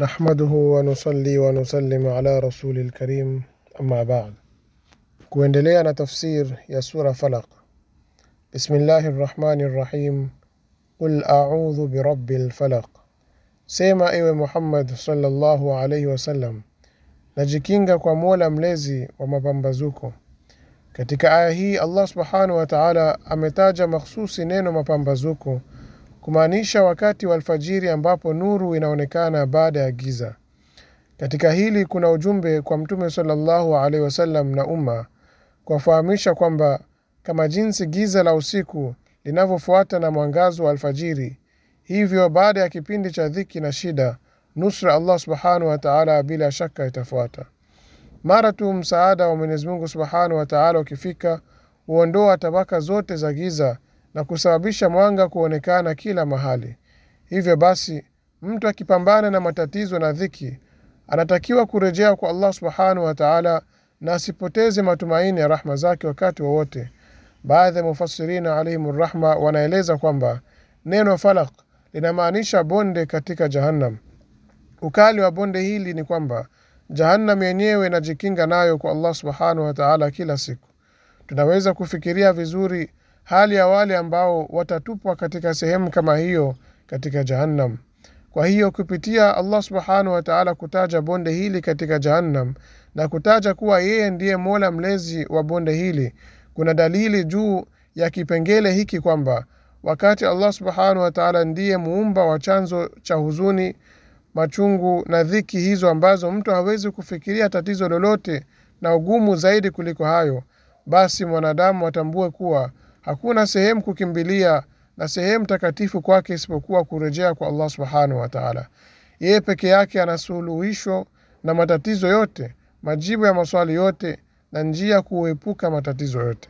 نحمده ونصلي ونسلم على رسول الكريم أما بعد كوندليانا تفسير يا سورة فلق بسم الله الرحمن الرحيم قل أعوذ برب الفلق سيما إيوه محمد صلى الله عليه وسلم نجيكينغا kwa مولا وما ومبامبزوكو katika aya الله سبحانه وتعالى wataala مخصوصي نينو ما mapambazuko kumaanisha wakati wa alfajiri ambapo nuru inaonekana baada ya giza. Katika hili kuna ujumbe kwa Mtume sallallahu alaihi wasallam na umma kuwafahamisha kwamba kama jinsi giza la usiku linavyofuata na mwangazo wa alfajiri, hivyo baada ya kipindi cha dhiki na shida, nusra Allah subhanahu wa ta'ala bila shaka itafuata. Mara tu msaada wa Mwenyezi Mungu subhanahu wa ta'ala ukifika, huondoa tabaka zote za giza na kusababisha mwanga kuonekana kila mahali. Hivyo basi, mtu akipambana na matatizo na dhiki, anatakiwa kurejea kwa Allah subhanahu wa ta'ala na asipoteze matumaini ya rahma zake wakati wowote wa baadhi ya mufassirina alaihim rahma wanaeleza kwamba neno falak linamaanisha bonde katika jahannam ukali wa bonde hili ni kwamba jahannam yenyewe inajikinga nayo kwa allah subhanahu wataala kila siku tunaweza kufikiria vizuri hali ya wale ambao watatupwa katika sehemu kama hiyo katika jahannam kwa hiyo kupitia allah subhanahu wataala kutaja bonde hili katika jahannam na kutaja kuwa yeye ndiye mola mlezi wa bonde hili kuna dalili juu ya kipengele hiki kwamba wakati allah subhanahu wataala ndiye muumba wa chanzo cha huzuni machungu na dhiki hizo ambazo mtu hawezi kufikiria tatizo lolote na ugumu zaidi kuliko hayo basi mwanadamu atambue kuwa hakuna sehemu kukimbilia na sehemu takatifu kwake isipokuwa kurejea kwa Allah subhanahu wa ta'ala. Yeye peke yake ana suluhisho na matatizo yote, majibu ya maswali yote na njia kuepuka matatizo yote.